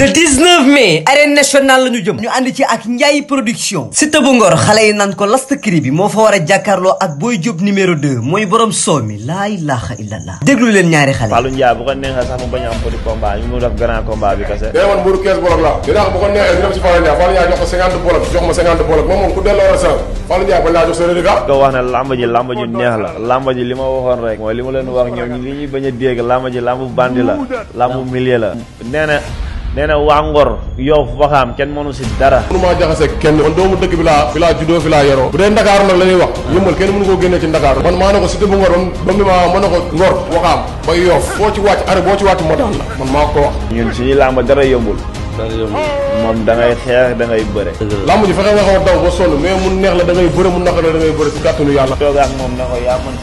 le 19 mai arène nationale la ñu jëm ñu ànd ci ak Ndiaye production Siteu bu Ngor xale yi nan ko last cri bi moo fa war a jàkkaarloo ak Boy Diop numéro 2 mooy borom soomi laa ilaha illallah déglu leen ñaari xale Fallou Ndiaye bu neexee sax mu bañ a mu def grand combat bi kese day woon mburu 15 bolok la dinaa bu ko neexee ñu dem si Fallou Ndiaye Fallou Ndiaye la sa ah. ji lamba ji neex la lamba ji li ma waxoon rek mooy li ma leen wax ñoom ñi li ñuy bañ la lambu millier la nee nee na waa Ngor Yoff Waxaam kenn mënu si dara mënu maa jaxase kenn man doomu dëkk bi laa fi laa juddoo fi laa yaroo bu dee Ndakaaru nag la ñuy wax yëmbal kenn mënu koo génnee ci Ndakaaru man maa ne ko si dëkk Ngor ba mu ma ma ne ko Ngor Waxaam ba Yoff boo ci wàcc are boo ci wàcc ma daan la man maa ko wax ñun suñu làmb dara yëmbul moom da ngay xeex da bëre làmb ji fexe nga xaw a daw ba sonn mais mun neex la da ngay bëre mun naka la da ngay bëre si kàttanu yàlla toog ak moom na ko yaa mën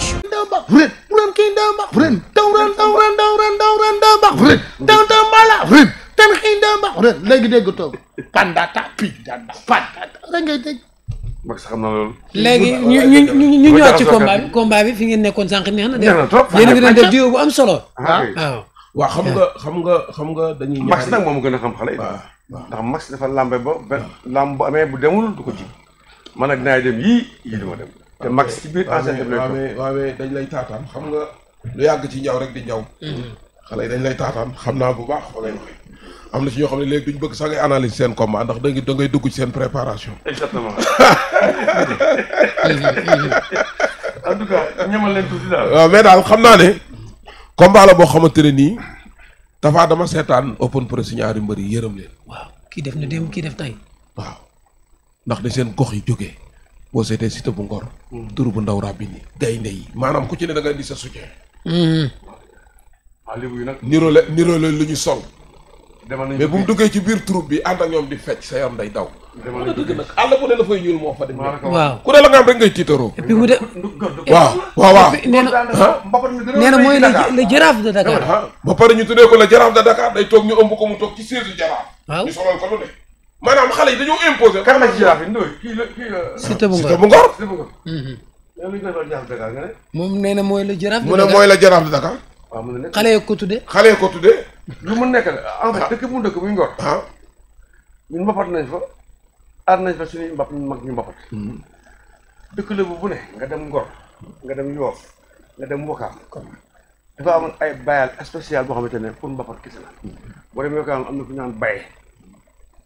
si te rin taw taw ren taw ren taw ren daa mbax rin pi danda pandata rek ngay dégg mag sax xam na loolu. léegi ñu ñu ñu ñu ci combat bi combat fi ngeen sànq neex na. neex na trop yéen a ngi doon bu am solo. waaw ah, ah. ah. waaw xam nga xam nga xam nga dañuy. ñaari max nag moom gën a xam xale yi. ndax max dafa làmbe ba benn làmb bu amee bu demul du ko ji man nag naay dem yii yii du ma dem. te max ci biir enceinte bi lay dañ lay taataan xam nga. lu yàgg ci ñaw rek di ñaw. xale yi dañ lay taataan xam naa bu baax fa ngay waxee. am na ci ñoo xam ne léegi duñ bëgg sax ngay analyse seen combat ndax da ngay da dugg ci seen préparation. exactement. en mais daal xam naa ne. combat la boo xamante ne nii. dafa dama seetaan open press ñaari mbër yi yërëm leen. kii def na démb kii def tey. waaw ndax de seen gox yi jógee. boo seetee cité bu ngor. Hmm. turu bu ndaw rabbi nii day yi maanaam ku ci ne da nga di sa soutien. Mm-hmm. Aliou nag. niroo la niroo la lu ñu sol. mais bu mu duggee ci biir troupe bi ànd ak ñoom di fecc sa yaram day daw. demal nañ dëgg nag àll bu ne la fay ñuul moo fa dem. ku ne la nga am rek ngay tiitaroo. et puis mu na nee na mooy le jaraaf de Dakar. ba pare ñu tuddee ko le jaraaf de Dakar day toog ñu ëmb ko mu toog ci siège jaraaf. waaw ñu solal ko lu ne. maanaam xale yi dañoo imposer. kan la ci jaraaf Ngor. moom nee na mooy la jaraaf de Dakar mu ne mooy la jaraaf de Dakar. waaw mu ne xale ko tuddee. xale ko tuddee. lu mu nekk la en fait ah. dëkk bu dëkk muy Ngor. waaw ah. ñun fa aar nañ fa suñuy mbap ñu mbapat. Hmm. dëkk la bu ne nga dem Ngor nga dem Yoof nga dem Wakaam. dafa amoon ay bayal spécial boo xamante ne pour mbapat kese la. Hmm. am na ku ñu naan baye.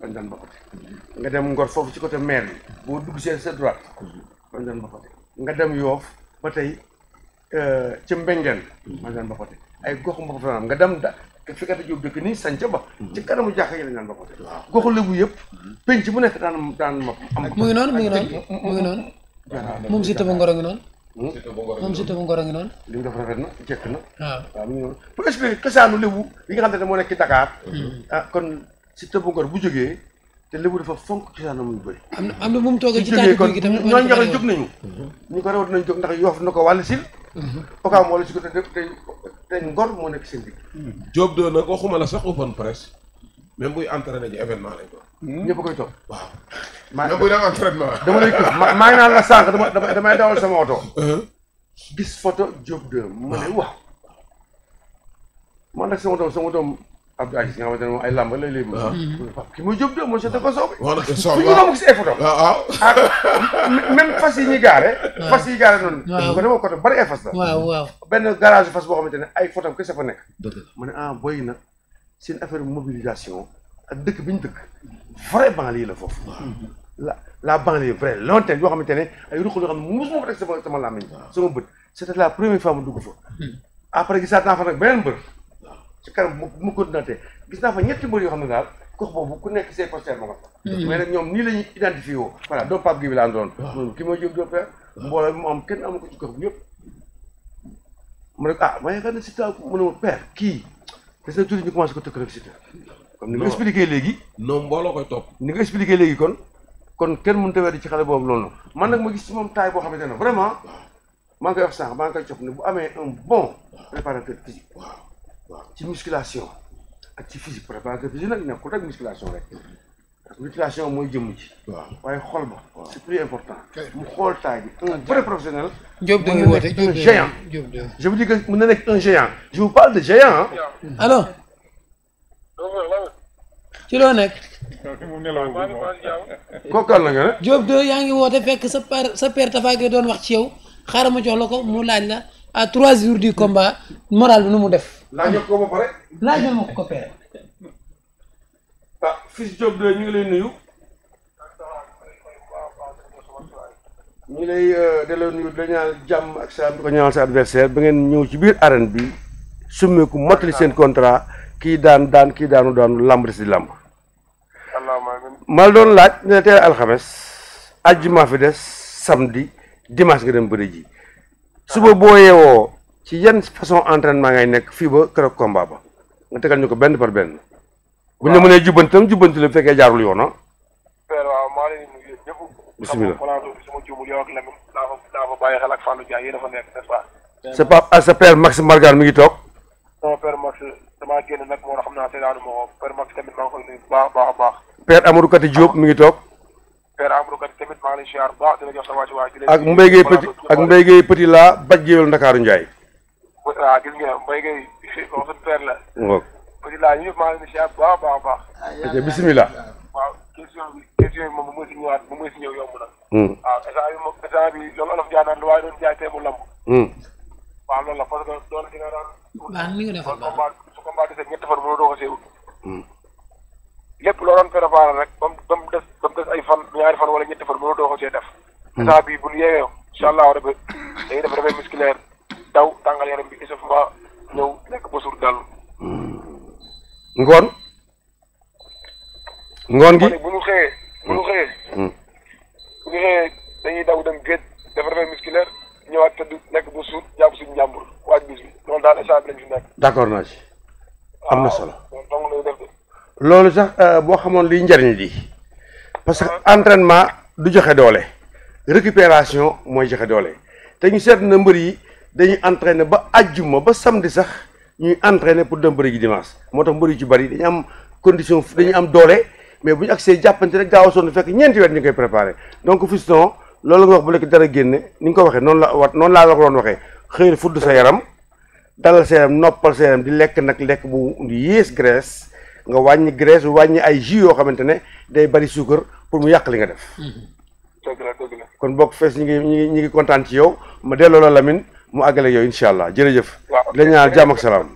dañ daan mbapat nga dem Ngor foofu ci côté maire bi boo dugg seen sa droite dañ hmm. daan mbapat. nga dem yoof ba tey euh, ci mbengeen man daan mbappate ay goxu mbappate nga dem da fi nga jóg dëkk nii sanc ba mhm. ci kanamu jàkka yi lañ daan yëpp mhm. penc mu nekk daan daan am mu ngi noon mu ngi noonu mu ngi noonu moom si tëba ngoro ngi noonu moom si tëba ngoro ngi noonu li mu def rafet na jekk na waaw ah. waaw mu ngi noonu pour expliquer kasaanu lébu yi nga xam ne moo nekk Dakar hmm. ah kon si tëba ngor bu jógee te lébu dafa fonk cosaanam lu bëri. am na am na bu mu toogee ci tànn guy gi tamit ñooñu nga xam jóg nañu. ñu ko rawat nañ jóg ndax yoof na ko wàll sil. Mhm. okaam wala si ko te ngor moo nekk seen digg. Diop waxuma la sax open presse même buy entraîné ji événement lañ ko. Hmm? ñëpp koy topp waaw. maa ngi buy def entraînement. dama lay maa ngi naan la sànq dama dama damay dawal sama oto. Uh-huh. gis photo Diop doon. waaw ma ne waaw. man nag sama doom sama doom. Abdou Aziz nga xamante ne moom ay lamba lay léegi. waaw ah. kii muy Diop de mooy chef de ko soobu. waaw soobu waaw suñu ay photo. waaw ah, ah. fas yi ñuy gaare. fas yi gaare noonu. waaw ko dama ko bari ay fas la. benn garage fas boo xamante ne ay photo am kese fa nekk. dëgg ne ah booy na seen affaire mobilisation ak dëkk bi ñu dëkk vrai banlieue la foofu. la la banlieue vrai longtemps yoo xamante ne ay ruq yoo xam ne mosuma ko teg sama sama làmmiñ sama bët c'était la première fois mu dugg fa. Hmm. après gisaat naa fa nag ci kanam mu mu continué gis naa fa ñetti mbër yoo xam ne daal kox boobu ku nekk say posteurs ma nga fa. mais mm-hmm. nag ñoom nii la ñuy identifié woo. voilà doomu Pape Gueye bi laa doon. waaw kii mooy mu am kenn amu ko ci gox bi yëpp. mu nekk ah ma yaakaar ne si taw mu ne ma père kii des na tuuti ñu commencé ko tëkkal ak si comme ni nga expliqué léegi. non mbooloo koy topp. ni nga expliqué léegi kon. kon kenn mënut a weddi ci xale boobu loolu man nag ma gis ci moom taay boo xamante ne vraiment maa ngi koy wax sànq maa ngi koy jox ne bu amee un bon préparateur waaw ci musculation ak ci physique préparation physique nag nekkul rek musculation rek musculation mooy jëmm ji. waaw waaye xool ba. c'est mu xool taay bi un vrai professionnel. Diop da nga woote un nekk un géant. je vous de géant. loo nekk. kookal na nga ne. Diop de yaa ngi woote fekk sa père sa père Tafa Gueye doon wax ci yow xaaral mu jox la ko mu laaj la. à trois jours di combat moral bi nu mu def. laajal ko ba pare. laajal ma ko ah, ñu ngi lay nuyu. ñu ngi lay euh, ngeen ñëw ci biir arène bi summeeku mottali seen contrat kii daan daan kii daanu daanu lamb des di lamb. mal doon laaj ne fi des samedi dimanche nga dem bëri ji. suba boo yeewoo ci yan façon entraînement ngay nekk fii ba keroog combat ba nga tegal ñu ko benn par benn. buñ la mënee jubbanti tam jubbanti la bu fekkee jaarul yoon ah. bisimilah. sa papa sa père Max Margan mi ngi toog. non père génn nag moo xam naa seetaanu ma ko Max tamit maa ngi koy nuyu bu baax a baax a baax. père Amadou Kati Diop mi ngi toog. père Amadou Kane tamit maa ngi lay ziar bu baax di la jox sa waa ci waa ji. ak Mbaye Gueye Petit ak Mbaye Gueye Petit laa baj géwél Ndakaaru Ndiaye. waaw gis nga Mbaye Gueye moom suñu père la. waaw Petit laa ñëpp maa ngi lay ziar bu baax a baax. Ah, ok bisimilah. waaw question bi question bi moom bu ma si ñëwaat bu ma si ñëw yomb na. Hmm. waaw état bi moom état bi loolu olof jaay naan lu waaye doon jaay tey mu lamb. Hmm. waaw loolu la parce que doon na ci nga daan. waaw ni nga defal baax su ko mbaa desee ñetti fan mënoo doo ko see ut. Hmm. lépp loo doon préparé rek ba mu ba mu des ba mu des ay fan ñaari fan wala ñetti fan mënoo doo ko cee def. saa hmm. bii bu ñu yeewee incha allah rabi dañuy def réveil daw tàngal yaram bi échauffement ñëw nekk ba suur dal. Hmm. ngoon. ngoon gi bu ñu xëyee. bu ñu xëyee. Hmm. bu ñu xëyee dañuy daw dem géej def réveil musculaire ñëwaat tëdd nekk ba suur jàpp njàmbur waaj bis bi loolu daal échange lañ fi nekk. d'accord naa ci am na solo. loolu sax euh, boo xamoon liy njariñ li parce que entraînement du joxe doole récupération mooy joxe doole te ñu seet na mbër yi dañuy entraîner ba àjjuma ba samedi sax ñuy entraîner pour dem bëri ji dimanche moo tax mbër yu ci bari dañu am condition dañu am doole mais bu ñu agsee jàppante rek gaaw a sonn fekk ñeenti weer ñu koy préparé donc fiston loolu nga wax bu lekk dara génne ni ñu ko waxee noonu la wat noon laa la ko doon waxee xëy fudd sa yaram dalal sa noppal sa yaram lekk nag lekk bu yées graisse nga wàññi graisse wàññi ay jus yoo xamante ne day bari suukar pour mu yàq li nga def. Mhm. kon bokk fees ñu ngi ñu ngi ñu ci yow ma delloo la Lamine mu àggale yow incha allah jërëjëf. waaw la ñaan jàmm ak salaam.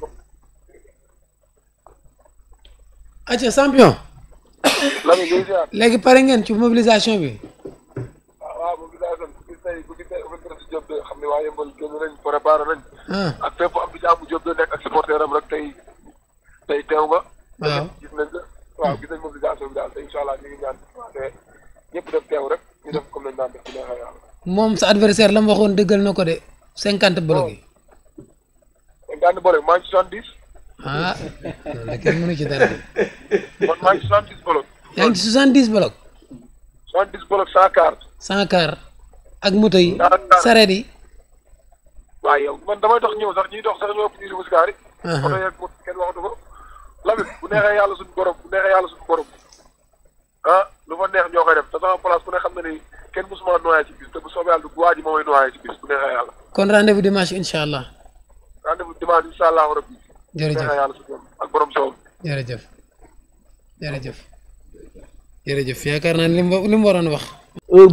acca champion. léegi pare ngeen ci mobilisation bi. Ah, waaw mobilisation moom sa adversaire la mu waxoon dëggal na ko de cinquante bloc oh. yi. cinquante bloc maa ngi soixante dix. ah loolu kenn mënu ci dara. man maa ngi soixante dix bloc. yaa ngi ci soixante dix bloc. soixante dix bloc cent car. cent car ak moto yi. sareet yi. waaw yow man damay dox ñëw sax ñuy dox sax ñoo ëpp ñu limu si ko. neexee yàlla suñu borom bu neexee yàlla suñu borom ah lu ma neex ñoo def te sama place ku ne xam na ni. kenn mosuma noyyi ci bis bu soobee yàlla du waa moom mooy noyyi ci bis kon rendez-vous dimanche incha allah. rendez-vous dimanche incha allah rabbi. jërëjëf yaakaar naa ni waroon wax.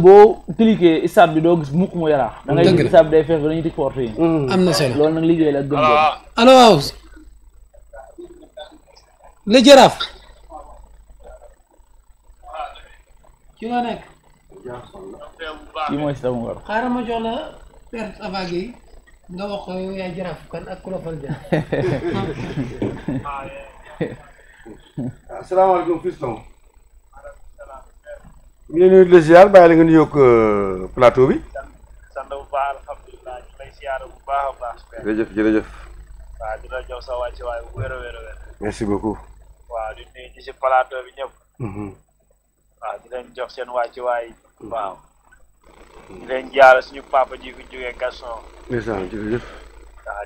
boo cliquer stade bi doo gis mukk mu yaraax. da gis stade bi day fees ba dañuy tëj porte yi. Mm. am na solo loolu nag liggéey la ak gëm-gëm. allo waaw. jaraaf. ci la nekk. kii mooy sama ngor xaaral ma jox la perte avage yi nga wax ko yaay jaraaf kan ak kulofal ja asalaamaaleykum fiston ñu ne nuyu la ziar bàyyi la nga nu yokk euh, plateau bi sant bu baax alhamdulilah ñu lay a baax jërëjëf jërëjëf waaw jox sa wàcc waaye bu wér a wér a wér merci si plateau bi ñëpp mm-hmm. waaw di jox seen wàcc waaye waaw. di leen jaale suñu papa ji fi jógee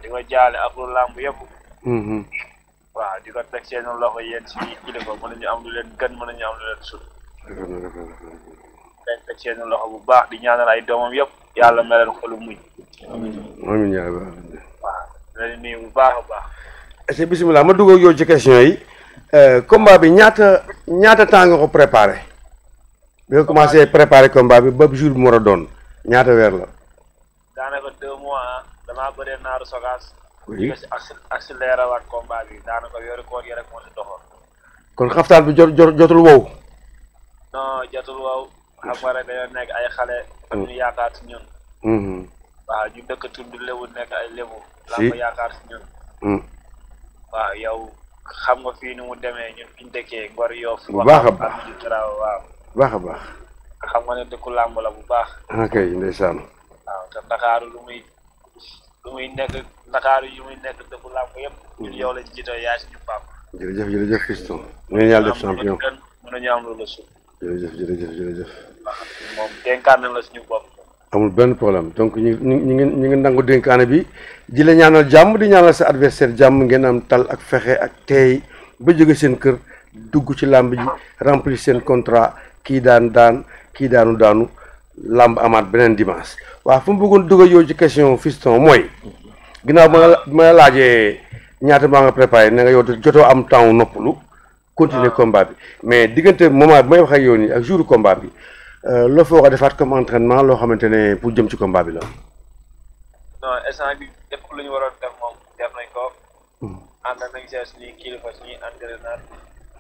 di ko jaale ak lu làmb yëpp. Mm-hmm. waaw di ko teg seen loxo yéen suñuy kilifa mën nañu am lu leen gën mën nañu am lu leen sut. teg seen loxo bu baax di ñaanal ay doomam yëpp yàlla meleen xolu muñ. amiin amiin yaa waaw leen nuyu bu baax a baax. est que que bisimilah ma dugg ak yow ci question yi euh, combat bi ñaata ñaata temps nga ko préparé. bi nga commencé préparer combat bi ba jour bi mu war a doon ñaata weer la. daanaka deux mois ah. damaa bëree naaru sogaas. oui nga si accéléré waat combat bi daanaka weeru koor yi rek moo si doxoon. kon xaftaan bi jot jotul wow. non jotul wow ay xale. am ñu mm. yaakaar si ñun. Mm-hmm. waaw ñu dëkk tund lewu nekk ay lewu. laa ko yaakaar si ñun. Mm. waaw yow xam nga fii ni mu demee fi ñu dëkkee Ngor Yoff. bu baax a baax waaw. baax a baax. xam nga ne dëkku làmb la bu baax. ok ah, ndeysaan. waaw te Ndakaaru lu muy lu muy nekk Ndakaaru làmb yëpp. ñun mm-hmm. yow lañ jiitoo yaa si ñu baax. jërëjëf jërëjëf fiston ñu ngi yàlla am lu la suuf. jërëjëf jërëjëf jërëjëf. ñu ngi ñu ngi nangu dénkaane bi di la jàmm di ñaanal sa adversaire jàmm ngeen am tal ak fexe ak teey ba jóge seen kër dugg ci làmb ji remplir seen contrat. kii daan daan kii daanu daanu làmb amaat beneen dimanche waa fu mu bëggoon dugal yow ci question fiston mooy ginnaaw ba nga ma laa laajee ñaata maa nga préparé ne nga yow jotoo am temps noppalu continuer ah. combat bi mais diggante moment bi may wax ak yow nii ak jour combat bi euh, loo fa war a defaat comme entraînement loo xamante ne pour jëm ci combat bi la. non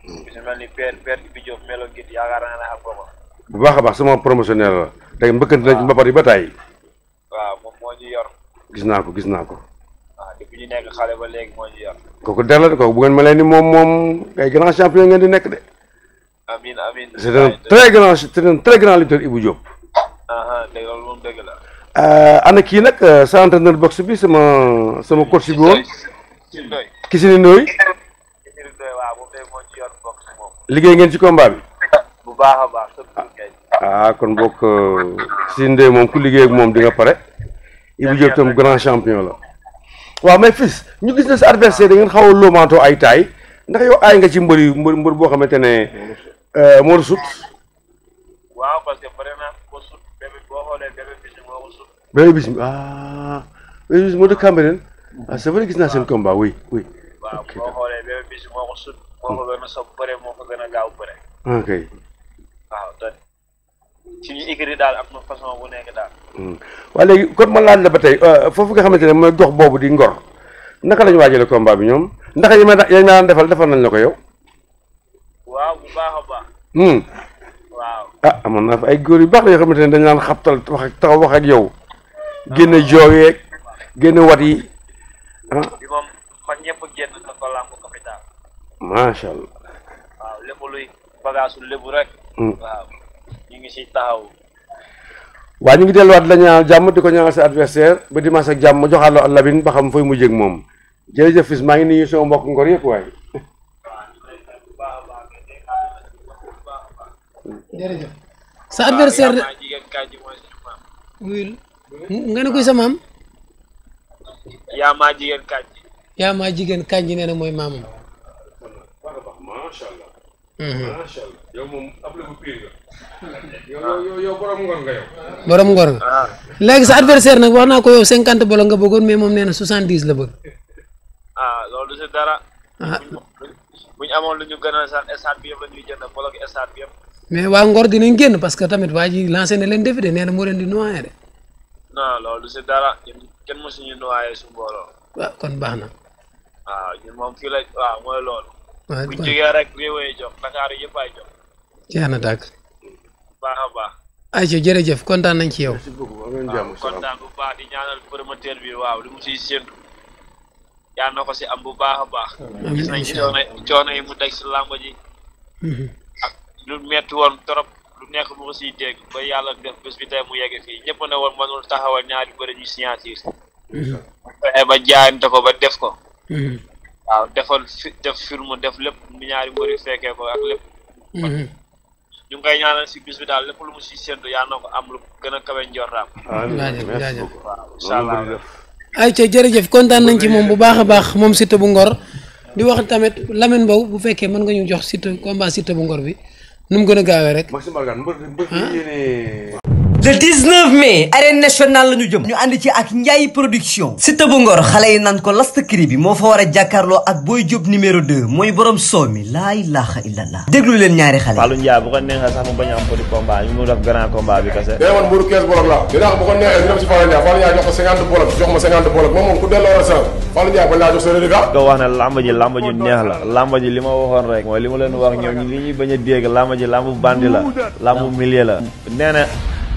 bisu mel bi Diop bu baax a baax sama promotionnaire la tey mbëkkante nañ ci mbapat yi ba tey. waaw moom moo ñu yor. gis naa ko gis naa ko. waaw ah, depuis ñu ba léegi moo ñu kooku der la kooku bu ngeen melee ni moom moom ay grand champion ngeen di nekk de. amiin c'est un très grand c'est un très grand lutteur Ibou Diop. Ah, ah, dëgg la moom dëgg euh, kii nag euh, sa entraîneur boxe bi sama sama coach bi ki si ni nooy liggéey ngeen ci combat bi. ah kon bokk Sinde moom ku liggéey ak moom di nga pare. Ibu Diop tam grand champion la. waaw mais fils ñu gis ne sa adversaire da xaw a loomaatoo taay ndax yow nga ci mbër yu mbër boo xamante ne euh, moo sut. waaw parce que bëri naa ko moo ko sut. bébé bis ah, moo dëkk Cambérène ah c'est vrai gis naa seen combat oui oui. moo ko gën a soog bëre moo ko gën a gaaw waaw daal am bu nekk daal. Hmm. waaye léegi kon ma laaj la ba tey euh, foofu nga xamante ne mooy gox boobu di ngor naka la ñu waajalee combat bi ñoom ndax yi ma naan defal defal nañ la ko yow. waaw a baax. Hmm. waaw ah amoon naa fa ay góor yu baax la yoo xamante ne dañu naan xabtal wax ak taxaw wax ak yow. génne jooyeeg génne wat yi ah. macha allah. waaw lépp luy bagaasu lébu rek. Hmm. waaw ñu ngi si taxaw. waa ñu ngi delluwaat la ñaanal jàmm di ko ñaanal sa adversaire ba dimanche ak jàmm joxaat la labin ba xam fooy mujj ak moom jërëjëf fis maa ngi nuyu sama mbokk ngor yëpp waaye. jërëjëf sa adversaire wuyul nga ne koy sa maam. yaa maa jigéen kànji. yaa maa jigéen kànji nee na mooy maamam. macha allah. macha allah yow moom ab la bu borom ngor nga yow. borom ngor nga. Ah. adversaire nag wax naa ko yow cinquante bolo nga bëggoon mais moom nee na soixante dix la bëgg. ah loolu si dara. ah bu amoon lu ñu gënal sax stade bi yëpp mais waa Ngor dinañ génn parce que tamit waa ji lancé na leen défi de nee na moo leen di noyé de. non loolu si dara kenn mosuñu noyé su mbooloo. waaw kon baax na. Ah, waaw mooy loolu. waaw buñ jógee rek réewee jox Dakar yëpp ay jox. jeex na dàkk. baax a baax. ayca jërëjëf kontaan nañ ci yow. waaw kontaan bu baax di ñaanal promoteur bi waaw li mu siy séntu. yaa na ko si am bu baax a baax. gis nañ ci coono yi mu daj si làmb ji. Mhm. ak lu metti woon trop lu nekk mu ko siy dégg ba yàlla def bés bi tey mu yegg fii ñëpp ne woon mënul taxawal ñaari bëri ñu signature. Mhm. fexe ba jaayante ko ba def ko. Mhm. waaw defal fi def film def lépp ñaari mbër yu fekkee ko ak lépp. Mhm. ñu ngi koy ñaanal si bis bi daal lépp lu mu si séntu yaa na ko am lu gën a kawe njortaam. jaajëf jaajëf waaw ay ca jërëjëf kontaan nañ ci moom bu baax a baax moom Siteu bu Ngor di wax tamit Lamine Mbow bu fekkee mën nga ñu jox Siteu combat Siteu bu Ngor bi nu mu gën a gaawee rek. Maxime Bargane mbër mbër yéene le 19 mai arène nationale la ñu jëm ñu ànd ci ak Ndiaye production Siteu bu xale yi nan ko last cri bi moo fa war a jàkkaarloo ak Boy Diop numéro 2 mooy borom soo laa ilaha illallah déglu leen ñaari xale Fallou Ndiaye bu neexee sax mu bañ a mu def grand combat bi kese day woon mburu 15 bolok la dina bu ko neexee ñu dem moom moom ku delloo la sa Fallou Ndiaye bañ jox sa rédiga ah. ko ji lamba la lamba ji li ma waxoon bandi la lambu millier la nee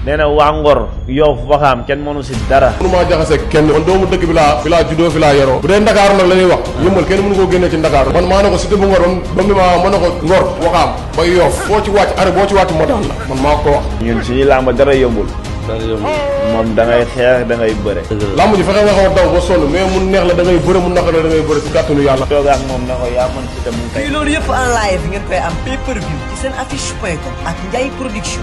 nee na waa Ngor Yoff Waxaam kenn mënu si dara mënu maa jaxase kenn man doomu dëkk bi laa fi laa juddoo fi laa yaroo bu dee Ndakaaru la ñuy wax yëmbal kenn mënu koo génne ci Ndakaaru man maa ne ko si dëfu Ngor ba mu ne ko Ngor Waxaam ba Yoff boo ci wàcc are boo ci wàcc ma daan la man maa ko wax ñun suñu làmb dara yëmbul moom da ngay xeex da bëre làmb ji fexe nga xaw daw ba sonn mais mun neex la da ngay bëre mun naqar la da ngay bëre si kàttanu yàlla toog ak moom na ko yaa mën si te